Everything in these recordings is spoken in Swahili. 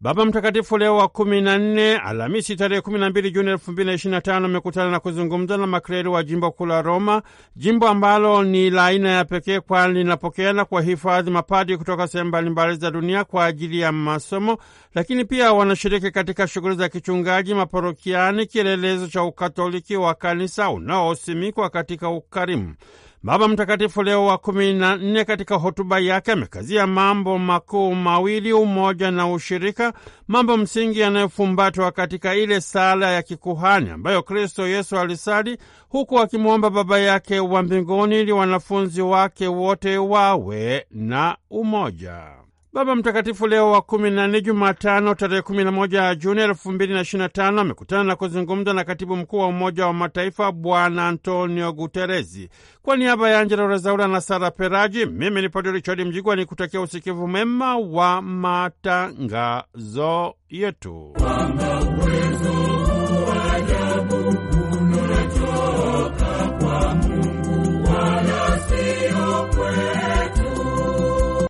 Baba Mtakatifu Leo wa kumi na nne, Alhamisi tarehe kumi na mbili Juni elfu mbili na na tano, amekutana na kuzungumza na makleri wa jimbo kuu la Roma, jimbo ambalo ni la aina ya pekee, kwani linapokea na kuwahifadhi mapadi kutoka sehemu mbalimbali za dunia kwa ajili ya masomo, lakini pia wanashiriki katika shughuli za kichungaji maporokiani, kielelezo cha ukatoliki wa kanisa unaosimikwa katika ukarimu. Baba Mtakatifu Leo wa kumi na nne katika hotuba yake amekazia mambo makuu mawili, umoja na ushirika, mambo msingi yanayofumbatwa katika ile sala ya kikuhani ambayo Kristo Yesu alisali huku akimwomba Baba yake wa mbinguni ili wanafunzi wake wote wawe na umoja. Baba Mtakatifu Leo wa kumi na nne, Jumatano tarehe kumi na moja Juni elfu mbili na ishirini na tano amekutana na kuzungumza na katibu mkuu wa Umoja wa Mataifa Bwana Antonio Guterezi. Kwa niaba ya Angela Rezaula na Sara Peraji, mimi ni Padre Richard Mjigwa ni kutakia usikivu mwema wa matangazo yetu.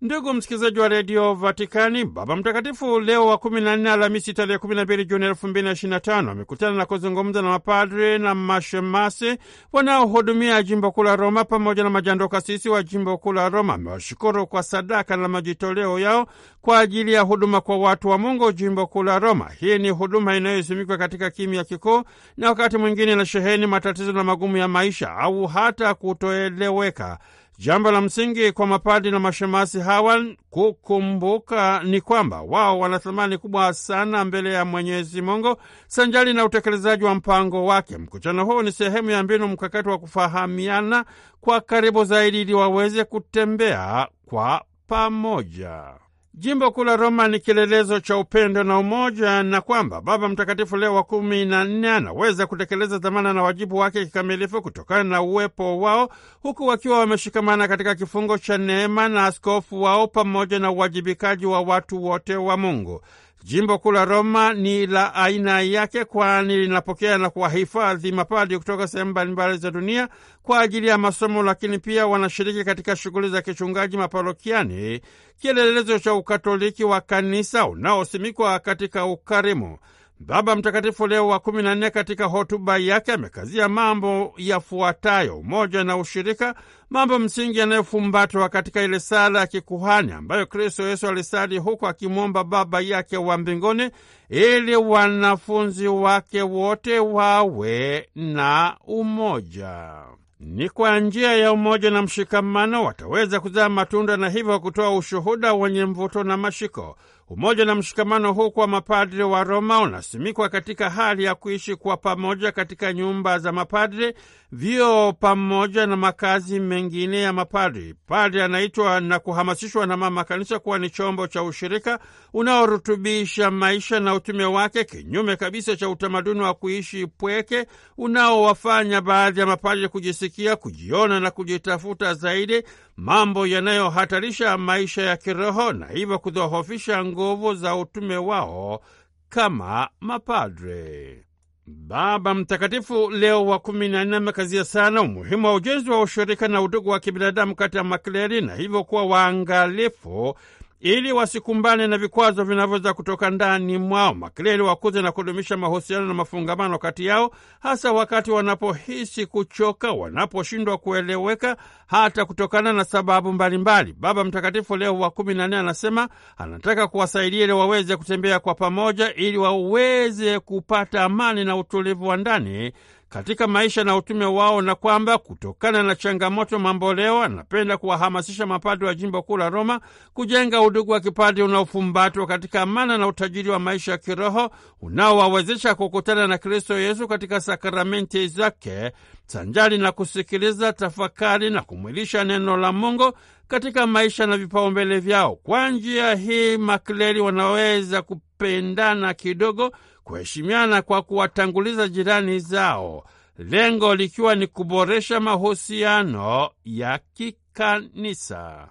Ndugu msikilizaji wa redio Vatikani, Baba Mtakatifu Leo wa 14 Alhamisi tarehe 12 Juni 225 amekutana na kuzungumza na mapadre na mashemasi wanaohudumia jimbo kuu la Roma pamoja na majandokasisi wa jimbo kuu la Roma. Amewashukuru kwa sadaka na majitoleo yao kwa ajili ya huduma kwa watu wa Mungu jimbo kuu la Roma. Hii ni huduma inayosimikwa katika kimya kikuu na wakati mwingine na sheheni matatizo na magumu ya maisha au hata kutoeleweka. Jambo la msingi kwa mapadi na mashemasi hawa kukumbuka ni kwamba wao wana thamani kubwa sana mbele ya Mwenyezi Mungu sanjali na utekelezaji wa mpango wake. Mkutano huu ni sehemu ya mbinu mkakati wa kufahamiana kwa karibu zaidi ili waweze kutembea kwa pamoja. Jimbo kuu la Roma ni kielelezo cha upendo na umoja, na kwamba Baba Mtakatifu Leo wa kumi na nne anaweza kutekeleza dhamana na wajibu wake kikamilifu kutokana na uwepo wao, huku wakiwa wameshikamana katika kifungo cha neema na askofu wao pamoja na uwajibikaji wa watu wote wa Mungu. Jimbo kuu la Roma ni la aina yake, kwani linapokea na kuwahifadhi mapadi kutoka sehemu mbalimbali za dunia kwa ajili ya masomo, lakini pia wanashiriki katika shughuli za kichungaji maparokiani, kielelezo cha ukatoliki wa kanisa unaosimikwa katika ukarimu. Baba Mtakatifu Leo wa kumi na nne katika hotuba yake amekazia mambo yafuatayo: umoja na ushirika, mambo msingi yanayofumbatwa katika ile sala ya kikuhani ambayo Kristo Yesu alisali huku akimwomba Baba yake wa mbinguni ili wanafunzi wake wote wawe na umoja. Ni kwa njia ya umoja na mshikamano wataweza kuzaa matunda na hivyo kutoa ushuhuda wenye mvuto na mashiko. Umoja na mshikamano huu kwa mapadre wa Roma unasimikwa katika hali ya kuishi kwa pamoja katika nyumba za mapadre, vyo pamoja na makazi mengine ya mapadre. Padre anaitwa na kuhamasishwa na Mama Kanisa kuwa ni chombo cha ushirika unaorutubisha maisha na utume wake, kinyume kabisa cha utamaduni wa kuishi pweke unaowafanya baadhi ya mapadre kujisikia, kujiona na kujitafuta zaidi, mambo yanayohatarisha maisha ya kiroho na hivyo kudhoofisha nguvu za utume wao kama mapadre. Baba Mtakatifu Leo wa kumi na nne amekazia sana umuhimu wa ujenzi wa ushirika na udugu wa kibinadamu kati ya makleri na hivyo kuwa waangalifu ili wasikumbane na vikwazo vinavyoweza kutoka ndani mwao. Makleli wakuze na kudumisha mahusiano na mafungamano kati yao, hasa wakati wanapohisi kuchoka, wanaposhindwa kueleweka, hata kutokana na sababu mbalimbali. Baba Mtakatifu Leo wa kumi na nne anasema anataka kuwasaidia ili waweze kutembea kwa pamoja, ili waweze kupata amani na utulivu wa ndani katika maisha na utume wao, na kwamba kutokana na changamoto mamboleo anapenda kuwahamasisha mapadri wa jimbo kuu la Roma kujenga udugu wa kipadri unaofumbatwa katika amana na utajiri wa maisha ya kiroho unaowawezesha kukutana na Kristo Yesu katika sakramenti zake sanjari na kusikiliza, tafakari na kumwilisha neno la Mungu katika maisha na vipaumbele vyao. Kwa njia hii makleri wanaweza kupendana kidogo kuheshimiana kwa kuwatanguliza jirani zao, lengo likiwa ni kuboresha mahusiano ya kikanisa.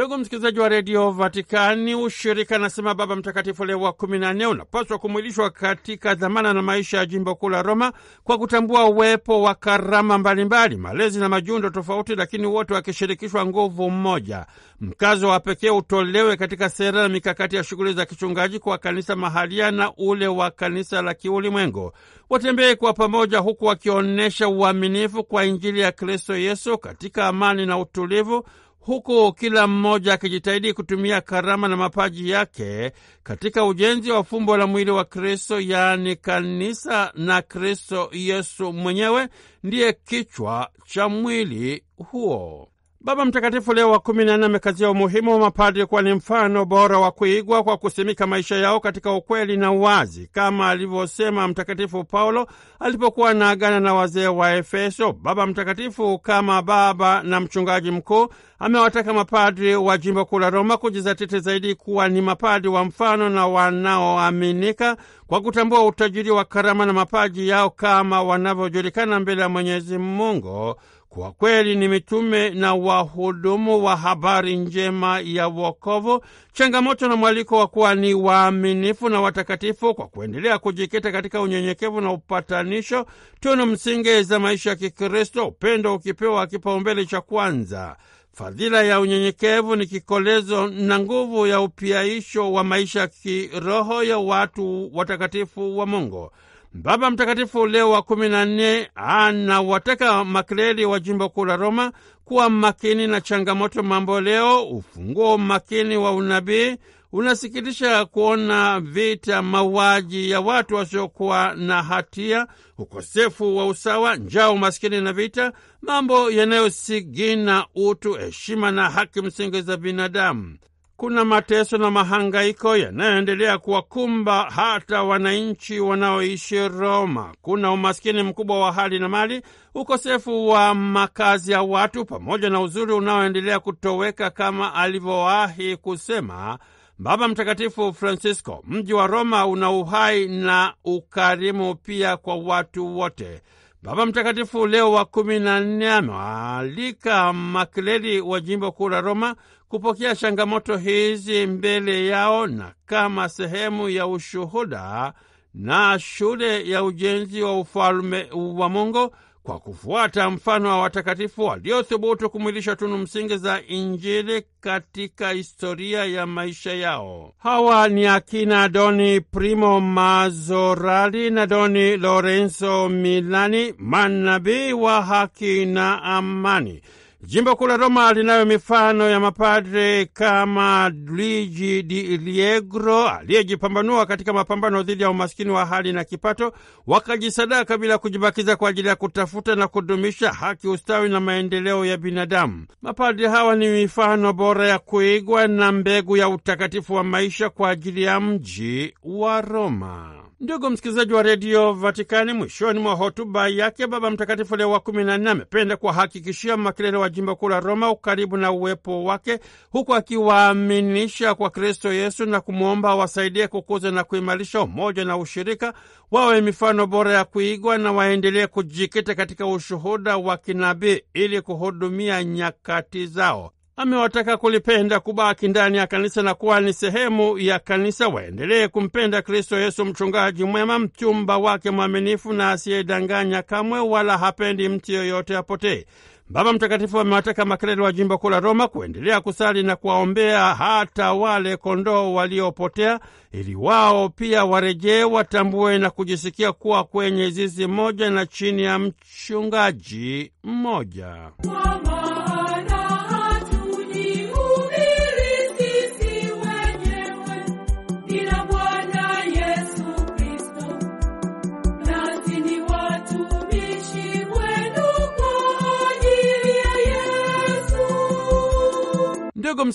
Ndugu msikilizaji wa redio Vatikani, ushirika anasema Baba Mtakatifu Leo wa kumi na nne unapaswa kumwilishwa katika dhamana na maisha ya jimbo kuu la Roma kwa kutambua uwepo wa karama mbalimbali, malezi na majundo tofauti, lakini wote wakishirikishwa nguvu mmoja. Mkazo wa pekee utolewe katika sera na mikakati ya shughuli za kichungaji kwa kanisa mahalia na ule wa kanisa la kiulimwengu. Watembee kwa pamoja, huku wakionyesha uaminifu kwa Injili ya Kristo Yesu katika amani na utulivu huku kila mmoja akijitahidi kutumia karama na mapaji yake katika ujenzi wa fumbo la mwili wa Kristo, yaani kanisa, na Kristo Yesu mwenyewe ndiye kichwa cha mwili huo. Baba Mtakatifu Leo wa kumi na nne amekazia umuhimu wa mapadri kuwa ni mfano bora wa kuigwa kwa kusimika maisha yao katika ukweli na uwazi, kama alivyosema Mtakatifu Paulo alipokuwa anaagana na wazee wa Efeso. Baba Mtakatifu kama baba na mchungaji mkuu amewataka mapadri wa jimbo kuu la Roma kujizatiti zaidi kuwa ni mapadri wa mfano na wanaoaminika kwa kutambua utajiri wa karama na mapaji yao kama wanavyojulikana mbele ya Mwenyezi Mungu. Kwa kweli ni mitume na wahudumu wa habari njema ya wokovu, changamoto na mwaliko wa kuwa ni waaminifu na watakatifu kwa kuendelea kujikita katika unyenyekevu na upatanisho, tunu msingi za maisha ya Kikristo, upendo ukipewa kipaumbele cha kwanza. Fadhila ya unyenyekevu ni kikolezo na nguvu ya upiaisho wa maisha ya kiroho ya watu watakatifu wa Mungu. Baba Mtakatifu Leo wa kumi na nne anawataka makleli wa jimbo kuu la Roma kuwa makini na changamoto mambo leo. Ufunguo makini wa unabii unasikitisha kuona vita, mauaji ya watu wasiokuwa na hatia, ukosefu wa usawa, njaa, umaskini na vita, mambo yanayosigina utu, heshima na haki msingi za binadamu kuna mateso na mahangaiko yanayoendelea kuwakumba hata wananchi wanaoishi Roma. Kuna umaskini mkubwa wa hali na mali, ukosefu wa makazi ya watu, pamoja na uzuri unaoendelea kutoweka, kama alivyowahi kusema Baba Mtakatifu Francisco, mji wa Roma una uhai na ukarimu pia kwa watu wote. Baba Mtakatifu Leo wa kumi na nne amewaalika makleri wa jimbo kuu la Roma kupokea changamoto hizi mbele yao na kama sehemu ya ushuhuda na shule ya ujenzi wa ufalume wa Mungu kwa kufuata mfano wa watakatifu waliothubutu kumwilisha tunu msingi za Injili katika historia ya maisha yao. Hawa ni akina Doni Primo Mazorali na Doni Lorenzo Milani, manabii wa haki na amani. Jimbo kuu la Roma linayo mifano ya mapadre kama Luigi Di Liegro aliyejipambanua katika mapambano dhidi ya umaskini wa hali na kipato, wakajisadaka bila kujibakiza kwa ajili ya kutafuta na kudumisha haki, ustawi na maendeleo ya binadamu. Mapadre hawa ni mifano bora ya kuigwa na mbegu ya utakatifu wa maisha kwa ajili ya mji wa Roma. Ndugu msikilizaji wa redio Vatikani, mwishoni mwa hotuba yake Baba Mtakatifu Leo wa kumi na nne amependa kuwahakikishia makelele wa jimbo kuu la Roma ukaribu na uwepo wake, huku akiwaaminisha kwa Kristo Yesu na kumwomba awasaidie kukuza na kuimarisha umoja na ushirika, wawe mifano bora ya kuigwa na waendelee kujikita katika ushuhuda wa kinabii ili kuhudumia nyakati zao amewataka kulipenda kubaki ndani ya kanisa na kuwa ni sehemu ya kanisa, waendelee kumpenda Kristo Yesu, mchungaji mwema, mchumba wake mwaminifu na asiyedanganya kamwe, wala hapendi mtu yoyote apotee. Baba Mtakatifu amewataka makreli wa jimbo kuu la Roma kuendelea kusali na kuwaombea hata wale kondoo waliopotea, ili wao pia warejee, watambue na kujisikia kuwa kwenye zizi moja na chini ya mchungaji mmoja.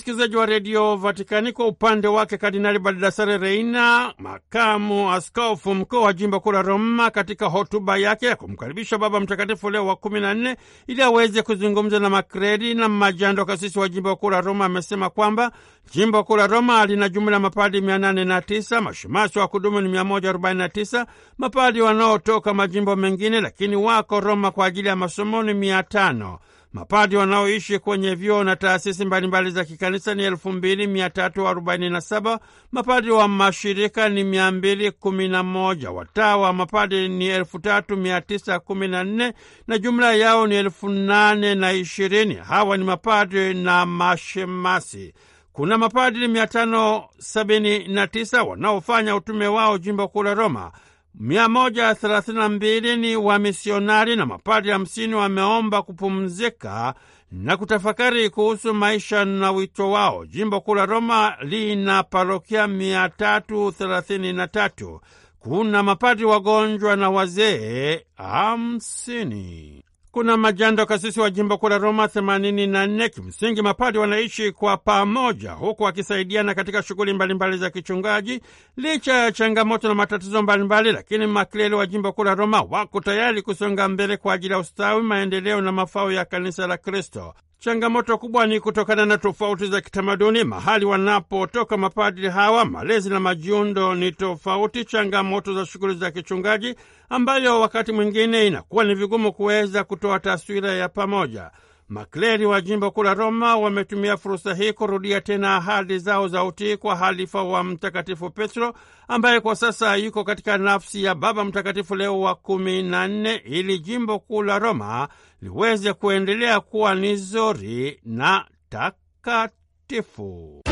msikilizaji wa redio Vatikani. Kwa upande wake, Kardinali Baldassare Reina, makamu askofu mkuu wa jimbo kuu la Roma, katika hotuba yake ya kumkaribisha Baba Mtakatifu Leo wa kumi na nne ili aweze kuzungumza na makredi na majando kasisi wa jimbo kuu la Roma, amesema kwamba jimbo kuu la Roma lina jumla mapadi mia nane na tisa, mashumasi wa kudumu ni mia moja arobaini na tisa, mapadi wanaotoka majimbo mengine lakini wako Roma kwa ajili ya masomo ni mia tano. Mapadi wanaoishi kwenye vyuo na taasisi mbalimbali za kikanisa ni elfu mbili mia tatu arobaini na saba. Mapadi wa mashirika ni mia mbili kumi na moja. Wataa wa mapadi ni elfu tatu mia tisa kumi na nne na jumla yao ni elfu nane na ishirini. Hawa ni mapadi na mashemasi. Kuna mapadri mia tano sabini na tisa wanaofanya utume wao jimbo kuu la Roma. 132 ni wamisionari na mapadri hamsini wameomba kupumzika na kutafakari kuhusu maisha na wito wao. Jimbo kuu la Roma lina parokia 333. Kuna mapadri wagonjwa na wazee hamsini kuna majando kasisi wa jimbo kuu la Roma themanini na nne. Kimsingi mapadi wanaishi kwa pamoja, huku wakisaidiana katika shughuli mbalimbali za kichungaji. Licha ya changamoto na matatizo mbalimbali, lakini makleli wa jimbo kuu la Roma wako tayari kusonga mbele kwa ajili ya ustawi, maendeleo na mafao ya kanisa la Kristo. Changamoto kubwa ni kutokana na tofauti za kitamaduni. Mahali wanapotoka mapadri hawa, malezi na majiundo ni tofauti. Changamoto za shughuli za kichungaji, ambayo wakati mwingine inakuwa ni vigumu kuweza kutoa taswira ya pamoja. Makleri wa jimbo kuu la Roma wametumia fursa hii kurudia tena ahadi zao za utii kwa halifa wa Mtakatifu Petro ambaye kwa sasa yuko katika nafsi ya Baba Mtakatifu Leo wa kumi na nne ili jimbo kuu la Roma liweze kuendelea kuwa ni zuri na takatifu.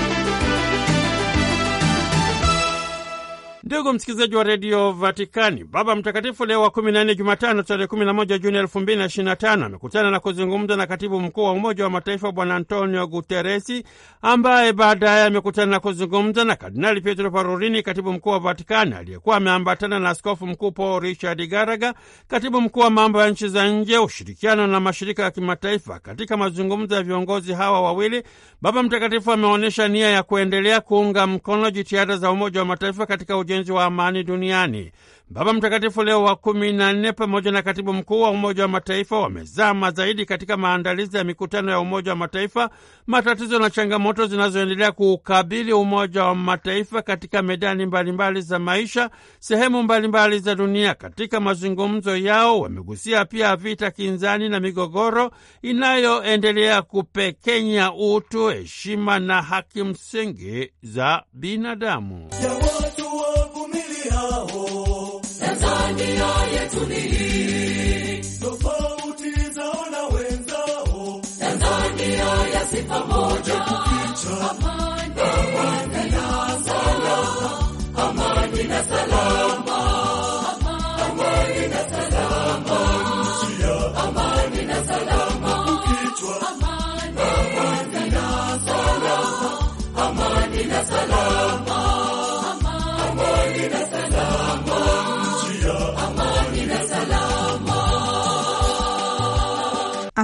Ndugu msikilizaji wa redio Vatikani, Baba Mtakatifu Leo wa 14 Jumatano tarehe 11 Juni 2025 amekutana na kuzungumza na katibu mkuu wa Umoja wa Mataifa Bwana Antonio Guteresi, ambaye baadaye amekutana na kuzungumza na Kardinali Pietro Parolini, katibu mkuu wa Vatikani, aliyekuwa ameambatana na Askofu Mkuu Paul Richard Garaga, katibu mkuu wa mambo ya nchi za nje, ushirikiano na mashirika ya kimataifa. Katika mazungumzo ya viongozi hawa wawili, Baba Mtakatifu ameonyesha nia ya kuendelea kuunga mkono jitihada za Umoja wa Mataifa katika ujenzi ujenzi wa amani duniani. Baba Mtakatifu Leo wa kumi na nne pamoja na katibu mkuu wa Umoja wa Mataifa wamezama zaidi katika maandalizi ya mikutano ya Umoja wa Mataifa, matatizo na changamoto zinazoendelea kuukabili Umoja wa Mataifa katika medani mbalimbali mbali za maisha, sehemu mbalimbali mbali za dunia. Katika mazungumzo yao wamegusia pia vita kinzani na migogoro inayoendelea kupekenya utu, heshima na haki msingi za binadamu ya dunia yetu ni tofauti zaona wenzao, Tanzania ya sifa moja, amani na salama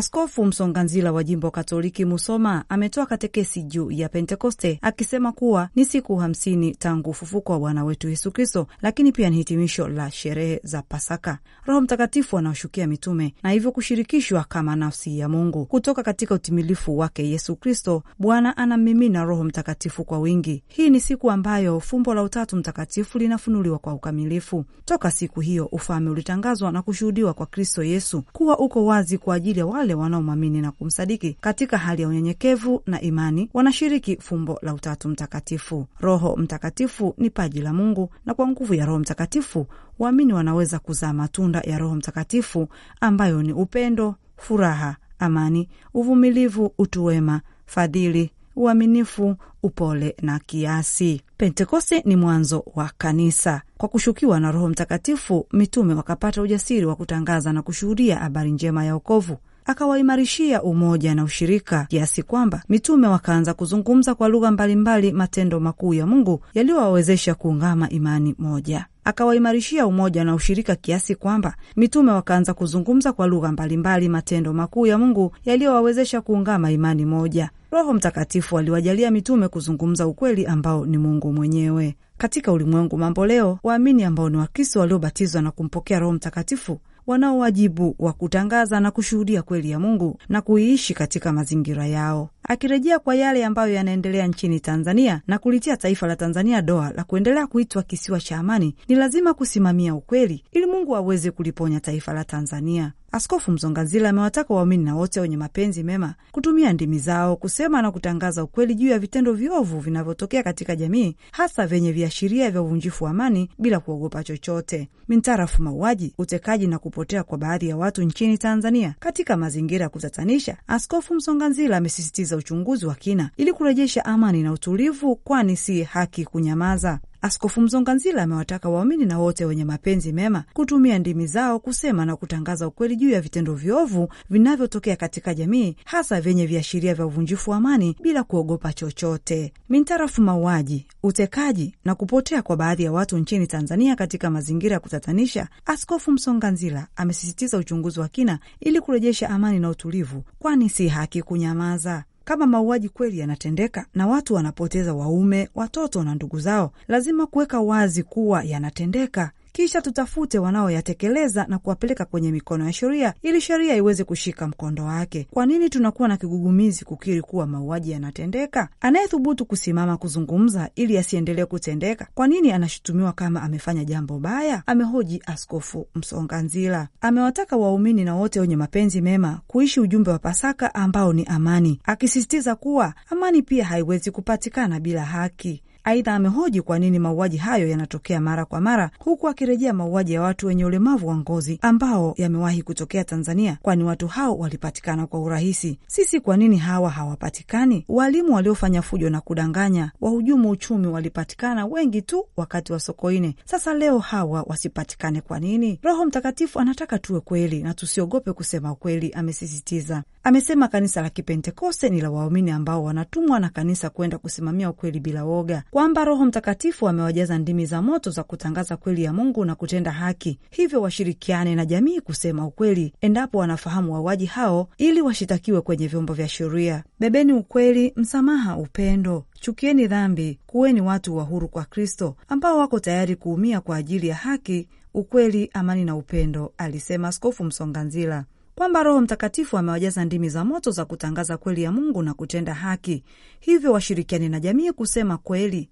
ask Askofu Msonganzila wa jimbo Katoliki Musoma ametoa katekesi juu ya Pentekoste akisema kuwa ni siku hamsini tangu ufufuko wa Bwana wetu Yesu Kristo, lakini pia ni hitimisho la sherehe za Pasaka. Roho Mtakatifu anawashukia mitume na hivyo kushirikishwa kama nafsi ya Mungu kutoka katika utimilifu wake Yesu Kristo. Bwana anammimina Roho Mtakatifu kwa wingi. Hii ni siku ambayo fumbo la Utatu Mtakatifu linafunuliwa kwa ukamilifu. Toka siku hiyo ufalme ulitangazwa na kushuhudiwa kwa Kristo Yesu kuwa uko wazi kwa ajili ya wale wanaomwamini na kumsadiki katika hali ya unyenyekevu na imani wanashiriki fumbo la Utatu Mtakatifu. Roho Mtakatifu ni paji la Mungu, na kwa nguvu ya Roho Mtakatifu waamini wanaweza kuzaa matunda ya Roho Mtakatifu ambayo ni upendo, furaha, amani, uvumilivu, utu wema, fadhili, uaminifu, upole na kiasi. Pentekoste ni mwanzo wa kanisa. Kwa kushukiwa na Roho Mtakatifu, mitume wakapata ujasiri wa kutangaza na kushuhudia habari njema ya wokovu akawaimarishia umoja na ushirika kiasi kwamba mitume wakaanza kuzungumza kwa lugha mbalimbali matendo makuu ya Mungu yaliyowawezesha kuungama imani moja akawaimarishia umoja na ushirika kiasi kwamba mitume wakaanza kuzungumza kwa lugha mbalimbali matendo makuu ya Mungu yaliyowawezesha kuungama imani moja. Roho Mtakatifu aliwajalia mitume kuzungumza ukweli ambao ni Mungu mwenyewe. Katika ulimwengu mambo leo, waamini ambao ni Wakristo waliobatizwa na kumpokea Roho Mtakatifu wanao wajibu wa kutangaza na kushuhudia kweli ya Mungu na kuiishi katika mazingira yao. Akirejea kwa yale ambayo yanaendelea nchini Tanzania na kulitia taifa la Tanzania doa la kuendelea kuitwa kisiwa cha amani, ni lazima kusimamia ukweli ili Mungu aweze kuliponya taifa la Tanzania. Askofu Mzongazila amewataka waumini na wote wenye mapenzi mema kutumia ndimi zao kusema na kutangaza ukweli juu ya vitendo viovu vinavyotokea katika jamii, hasa vyenye viashiria vya uvunjifu wa amani bila kuogopa chochote, mintarafu mauaji, utekaji na kupotea kwa baadhi ya watu nchini Tanzania katika mazingira ya kutatanisha. Askofu Msonganzila amesisitiza uchunguzi wa kina ili kurejesha amani na utulivu, kwani si haki kunyamaza. Askofu Mzonganzila amewataka waumini na wote wenye mapenzi mema kutumia ndimi zao kusema na kutangaza ukweli juu ya vitendo viovu vinavyotokea katika jamii, hasa vyenye viashiria vya uvunjifu wa amani bila kuogopa chochote, mintarafu mauaji, utekaji na kupotea kwa baadhi ya watu nchini Tanzania katika mazingira ya kutatanisha. Askofu Msonganzila amesisitiza uchunguzi wa kina ili kurejesha amani na utulivu, kwani si haki kunyamaza. Kama mauaji kweli yanatendeka na watu wanapoteza waume, watoto na ndugu zao, lazima kuweka wazi kuwa yanatendeka kisha tutafute wanaoyatekeleza na kuwapeleka kwenye mikono ya sheria ili sheria iweze kushika mkondo wake. Kwa nini tunakuwa na kigugumizi kukiri kuwa mauaji yanatendeka? Anayethubutu kusimama kuzungumza ili asiendelee kutendeka, kwa nini anashutumiwa kama amefanya jambo baya? Amehoji Askofu Msonganzila. Amewataka waumini na wote wenye mapenzi mema kuishi ujumbe wa Pasaka ambao ni amani, akisisitiza kuwa amani pia haiwezi kupatikana bila haki. Aidha, amehoji kwa nini mauaji hayo yanatokea mara kwa mara, huku akirejea mauaji ya watu wenye ulemavu wa ngozi ambao yamewahi kutokea Tanzania, kwani watu hao walipatikana kwa urahisi. Sisi kwa nini hawa hawapatikani? Walimu waliofanya fujo na kudanganya, wahujumu uchumi walipatikana wengi tu wakati wa Sokoine. Sasa leo hawa wasipatikane kwa nini? Roho Mtakatifu anataka tuwe kweli na tusiogope kusema ukweli, amesisitiza. Amesema kanisa la Kipentekoste ni la waumini ambao wanatumwa na kanisa kwenda kusimamia ukweli bila woga kwamba Roho Mtakatifu amewajaza ndimi za moto za kutangaza kweli ya Mungu na kutenda haki, hivyo washirikiane na jamii kusema ukweli endapo wanafahamu wauaji hao, ili washitakiwe kwenye vyombo vya sheria. Bebeni ukweli, msamaha, upendo Chukieni dhambi, kuweni watu wa huru kwa Kristo ambao wako tayari kuumia kwa ajili ya haki, ukweli, amani na upendo, alisema Askofu Msonganzila kwamba Roho Mtakatifu amewajaza ndimi za moto za kutangaza kweli ya Mungu na kutenda haki, hivyo washirikiane na jamii kusema kweli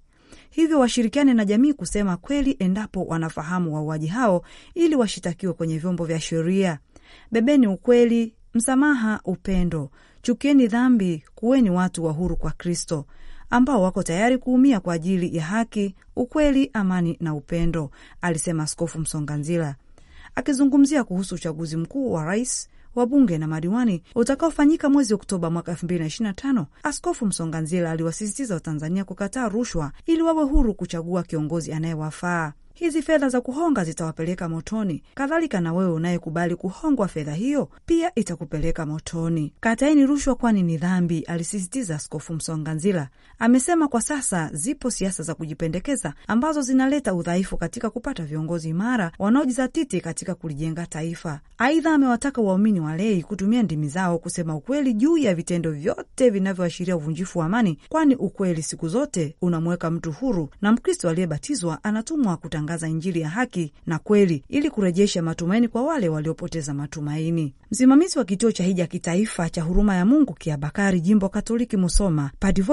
hivyo washirikiane na jamii kusema kweli endapo wanafahamu wauaji hao, ili washitakiwe kwenye vyombo vya sheria. Bebeni ukweli, msamaha, upendo. Chukieni dhambi, kuweni watu wa huru kwa Kristo ambao wako tayari kuumia kwa ajili ya haki, ukweli, amani na upendo, alisema Askofu Msonganzila akizungumzia kuhusu uchaguzi mkuu wa rais wabunge na madiwani utakaofanyika mwezi Oktoba mwaka 2025, Askofu Msonganzila aliwasisitiza Watanzania kukataa rushwa ili wawe huru kuchagua kiongozi anayewafaa hizi fedha za kuhonga zitawapeleka motoni. Kadhalika na wewe unayekubali kuhongwa fedha hiyo pia itakupeleka motoni. Kataeni rushwa, kwani ni dhambi, alisisitiza Askofu Msonganzila. Amesema kwa sasa zipo siasa za kujipendekeza ambazo zinaleta udhaifu katika kupata viongozi imara wanaojizatiti katika kulijenga taifa. Aidha, amewataka waumini walei kutumia ndimi zao kusema ukweli juu ya vitendo vyote vinavyoashiria uvunjifu wa amani, kwani ukweli siku zote unamweka mtu huru na Mkristo aliyebatizwa anatumwa kutangaza Injili ya haki na kweli ili kurejesha matumaini kwa wale waliopoteza matumaini. Msimamizi wa kituo cha hija kitaifa cha Huruma ya Mungu Kiabakari, jimbo Katoliki Musoma, Padi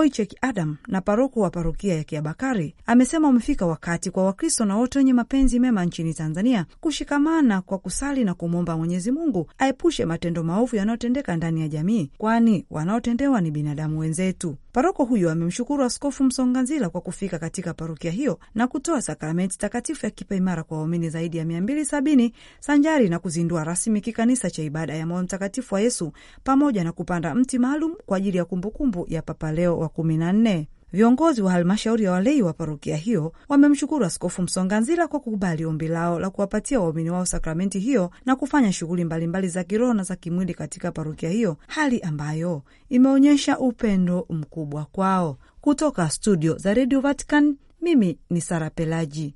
Adam na paroko wa parokia ya Kiabakari amesema umefika wakati kwa Wakristo na wote wenye mapenzi mema nchini Tanzania kushikamana kwa kusali na kumwomba Mwenyezi Mungu aepushe matendo maovu yanayotendeka ndani ya jamii, kwani wanaotendewa ni binadamu wenzetu. Paroko huyo amemshukuru Askofu Msonganzila kwa kufika katika parokia hiyo na kutoa sakramenti takatifu Mtakatifu ya kipaimara kwa waumini zaidi ya mia mbili sabini sanjari na kuzindua rasmi kikanisa cha ibada ya moyo mtakatifu wa Yesu pamoja na kupanda mti maalum kwa ajili ya kumbukumbu ya Papa Leo wa kumi na nne. Viongozi wa halmashauri ya walei wa parokia hiyo wamemshukuru Askofu Msonganzila kwa kukubali ombi lao la kuwapatia waumini wao sakramenti hiyo na kufanya shughuli mbalimbali za kiroho na za kimwili katika parokia hiyo, hali ambayo imeonyesha upendo mkubwa kwao. Kutoka studio za redio Vatican, mimi ni Sara Pelaji.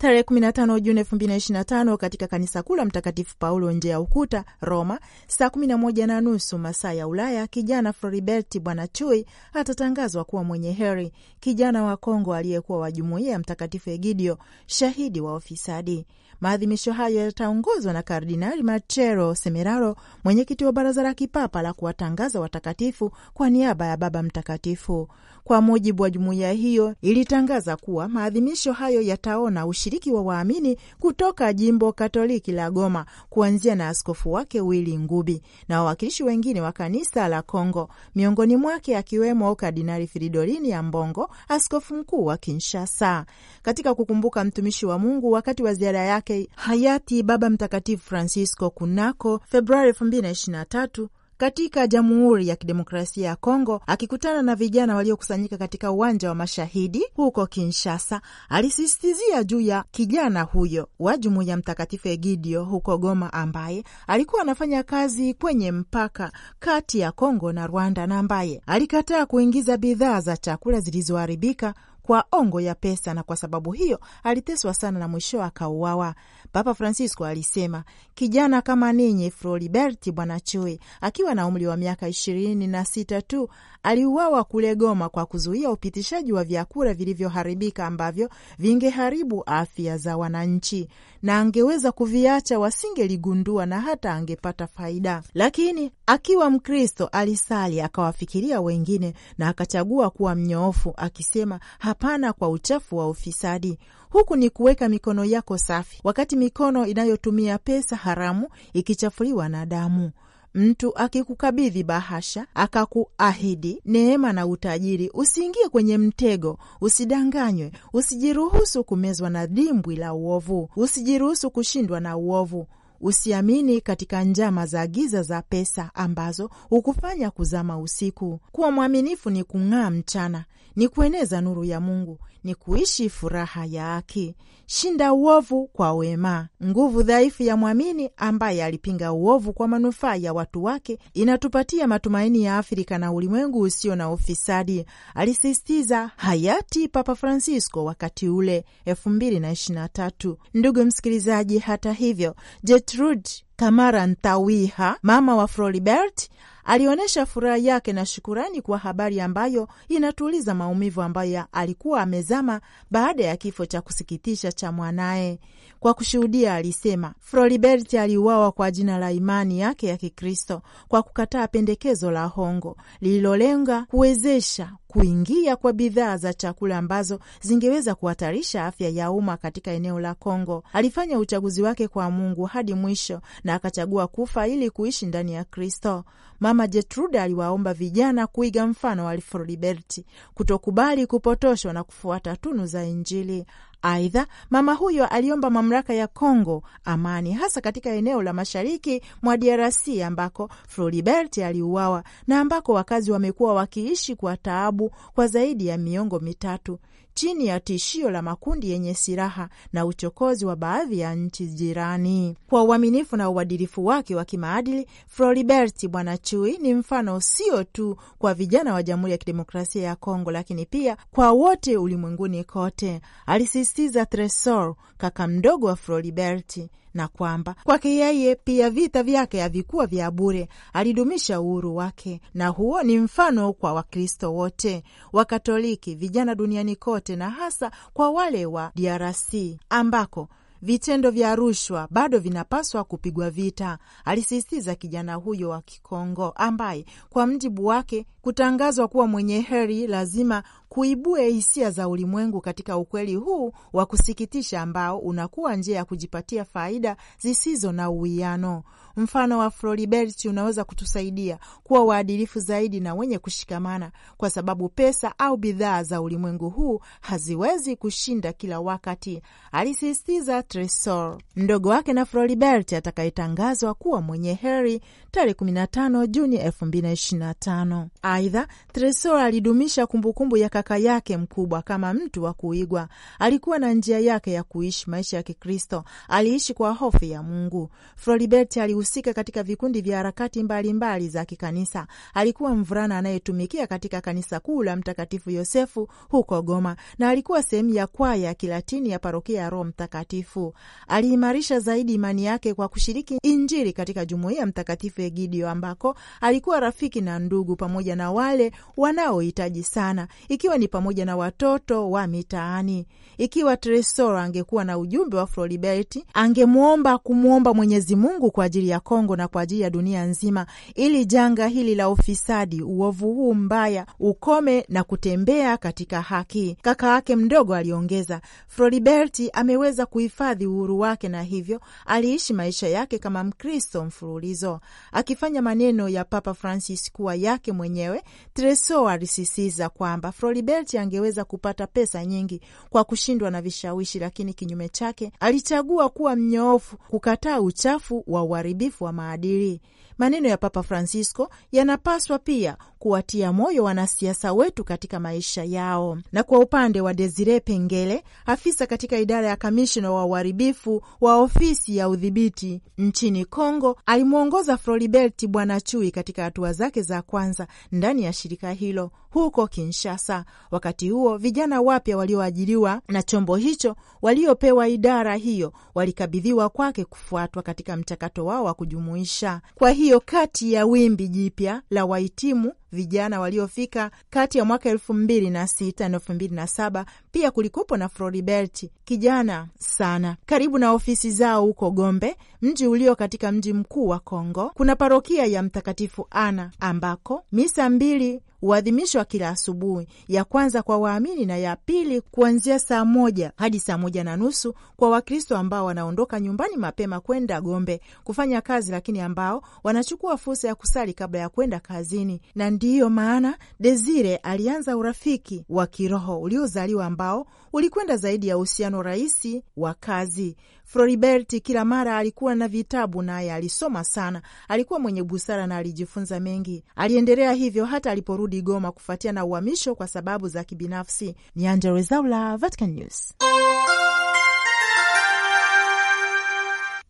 Tarehe 15 Juni 2025 katika kanisa kuu la Mtakatifu Paulo nje ya ukuta Roma, saa 11 na nusu masaa ya Ulaya, kijana floriberti Bwana Chui atatangazwa kuwa mwenye heri, kijana wa Kongo aliyekuwa wa jumuiya ya Mtakatifu Egidio, shahidi wa ufisadi. Maadhimisho hayo yataongozwa na Kardinali Marcello Semeraro, mwenyekiti wa Baraza la Kipapa la kuwatangaza watakatifu kwa niaba ya Baba Mtakatifu. Kwa mujibu wa jumuiya hiyo, ilitangaza kuwa maadhimisho hayo yataona ushiriki wa waamini kutoka jimbo Katoliki la Goma kuanzia na askofu wake Willy Ngubi na wawakilishi wengine wa kanisa la Kongo, miongoni mwake akiwemo Kardinali Fridolini Mbongo, askofu mkuu wa Kinshasa. Katika kukumbuka mtumishi wa Mungu wakati wa ziara yake yake hayati Baba Mtakatifu Francisco kunako Februari 2023 katika Jamhuri ya Kidemokrasia ya Kongo, akikutana na vijana waliokusanyika katika uwanja wa Mashahidi huko Kinshasa, alisisitizia juu ya kijana huyo wa Jumuiya Mtakatifu Egidio huko Goma, ambaye alikuwa anafanya kazi kwenye mpaka kati ya Kongo na Rwanda na ambaye alikataa kuingiza bidhaa za chakula zilizoharibika kwa ongo ya pesa, na kwa sababu hiyo aliteswa sana na mwisho akauawa. Papa Francisco alisema, kijana kama ninyi Floribert Bwana Chui akiwa na umri wa miaka ishirini na sita tu aliuawa kule Goma kwa kuzuia upitishaji wa vyakula vilivyoharibika ambavyo vingeharibu afya za wananchi, na angeweza kuviacha wasingeligundua na hata angepata faida. Lakini akiwa Mkristo alisali akawafikiria wengine na akachagua kuwa mnyoofu, akisema hapana kwa uchafu wa ufisadi. Huku ni kuweka mikono yako safi, wakati mikono inayotumia pesa haramu ikichafuliwa na damu. Mtu akikukabidhi bahasha akakuahidi neema na utajiri, usiingie kwenye mtego, usidanganywe, usijiruhusu kumezwa na dimbwi la uovu, usijiruhusu kushindwa na uovu. Usiamini katika njama za giza za pesa ambazo hukufanya kuzama usiku. Kuwa mwaminifu ni kung'aa mchana, ni kueneza nuru ya Mungu ni kuishi furaha ya haki. Shinda uovu kwa wema. Nguvu dhaifu ya mwamini ambaye alipinga uovu kwa manufaa ya watu wake inatupatia matumaini ya Afrika na ulimwengu usio na ufisadi, alisisitiza hayati Papa Francisco wakati ule 2023. Ndugu msikilizaji, hata hivyo Gertrude Tamara Ntawiha, mama wa Floribert, alionyesha furaha yake na shukurani kwa habari ambayo inatuliza maumivu ambayo alikuwa amezama baada ya kifo cha kusikitisha cha mwanaye. Kwa kushuhudia, alisema Floribert aliuawa kwa jina la imani yake ya Kikristo kwa kukataa pendekezo la hongo lililolenga kuwezesha kuingia kwa bidhaa za chakula ambazo zingeweza kuhatarisha afya ya umma katika eneo la Kongo. Alifanya uchaguzi wake kwa Mungu hadi mwisho na akachagua kufa ili kuishi ndani ya Kristo. Mama Jetrude aliwaomba vijana kuiga mfano wa Alfiliberti, kutokubali kupotoshwa na kufuata tunu za Injili. Aidha, mama huyo aliomba mamlaka ya Kongo amani, hasa katika eneo la mashariki mwa DRC ambako Floribert aliuawa na ambako wakazi wamekuwa wakiishi kwa taabu kwa zaidi ya miongo mitatu chini ya tishio la makundi yenye silaha na uchokozi wa baadhi ya nchi jirani. Kwa uaminifu na uadilifu wake wa kimaadili, Floribert Bwana Chui ni mfano sio tu kwa vijana wa Jamhuri ya Kidemokrasia ya Kongo, lakini pia kwa wote ulimwenguni kote, alisisitiza Tresor, kaka mdogo wa Floribert na kwamba kwake yeye pia vita vyake havikuwa vya bure. Alidumisha uhuru wake, na huo ni mfano kwa Wakristo wote, Wakatoliki, vijana duniani kote, na hasa kwa wale wa DRC ambako vitendo vya rushwa bado vinapaswa kupigwa vita, alisisitiza kijana huyo wa Kikongo ambaye kwa mjibu wake kutangazwa kuwa mwenye heri lazima kuibue hisia za ulimwengu katika ukweli huu wa kusikitisha ambao unakuwa njia ya kujipatia faida zisizo na uwiano. Mfano wa Floribert unaweza kutusaidia kuwa waadilifu zaidi na wenye kushikamana, kwa sababu pesa au bidhaa za ulimwengu huu haziwezi kushinda kila wakati, alisisitiza Tresor, mdogo wake na Floribert atakayetangazwa kuwa mwenye heri tarehe 15 Juni 2025. Aidha, Tresor alidumisha kumbukumbu ya mamlaka yake mkubwa kama mtu wa kuigwa. Alikuwa na njia yake ya kuishi maisha ya Kikristo, aliishi kwa hofu ya Mungu. Floribert alihusika katika vikundi vya harakati mbalimbali za kikanisa. Alikuwa mvulana anayetumikia katika kanisa kuu la Mtakatifu Yosefu huko Goma, na alikuwa sehemu ya kwaya ya Kilatini ya parokia ya Roho Mtakatifu. Aliimarisha zaidi imani yake kwa kushiriki Injili katika jumuiya ya Mtakatifu Egidio, ambako alikuwa rafiki na ndugu pamoja na wale wanaohitaji sana, ikiwa ikiwa ni pamoja na watoto wa mitaani. Ikiwa Tresor angekuwa na ujumbe wa Floribert, angemwomba kumwomba Mwenyezi Mungu kwa ajili ya Kongo na kwa ajili ya dunia nzima, ili janga hili la ufisadi, uovu huu mbaya ukome na kutembea katika haki. Kaka yake mdogo aliongeza, Floribert ameweza kuhifadhi uhuru wake na hivyo aliishi maisha yake kama Mkristo mfululizo, akifanya maneno ya Papa Francis kuwa yake mwenyewe. Tresor alisisitiza kwamba Floribert Belti angeweza kupata pesa nyingi kwa kushindwa na vishawishi, lakini kinyume chake alichagua kuwa mnyoofu, kukataa uchafu wa uharibifu wa maadili. Maneno ya Papa Francisco yanapaswa pia kuwatia moyo wanasiasa wetu katika maisha yao. Na kwa upande wa Desire Pengele, afisa katika idara ya kamishna wa uharibifu wa ofisi ya udhibiti nchini Kongo, alimwongoza Floribert Bwana Chui katika hatua zake za kwanza ndani ya shirika hilo huko Kinshasa. Wakati huo vijana wapya walioajiriwa na chombo hicho waliopewa idara hiyo walikabidhiwa kwake kufuatwa katika mchakato wao wa kujumuisha kwa hiyo kati ya wimbi jipya la wahitimu vijana waliofika kati ya mwaka elfu mbili na sita na elfu mbili na saba. Pia kulikupo na Floribert kijana sana, karibu na ofisi zao huko Gombe, mji ulio katika mji mkuu wa Kongo. Kuna parokia ya Mtakatifu Ana ambako misa mbili huadhimishwa kila asubuhi, ya kwanza kwa waamini na ya pili kuanzia saa moja hadi saa moja na nusu kwa Wakristo ambao wanaondoka nyumbani mapema kwenda Gombe kufanya kazi, lakini ambao wanachukua fursa ya kusali kabla ya kwenda kazini na ndiyo maana Desire alianza urafiki wa kiroho uliozaliwa ambao ulikwenda zaidi ya uhusiano rahisi wa kazi. Floribert kila mara alikuwa na vitabu, naye alisoma sana. Alikuwa mwenye busara na alijifunza mengi. Aliendelea hivyo hata aliporudi Goma kufuatia na uhamisho kwa sababu za kibinafsi. Ni Angella Rwezaula, Vatican News.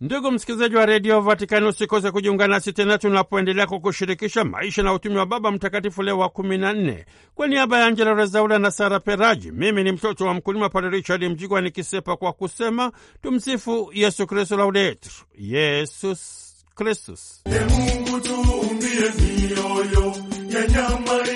Ndugu msikilizaji wa redio Vatikani, usikose kujiunga nasi tena tunapoendelea kukushirikisha maisha na utumi wa Baba Mtakatifu Leo wa kumi na nne. Kwa niaba ya Angela Rezaula na Sara Peraji, mimi ni mtoto wa mkulima Padre Richard Mjigwa nikisepa kwa kusema tumsifu Yesu Kristu, laudetur Yesus Kristus. E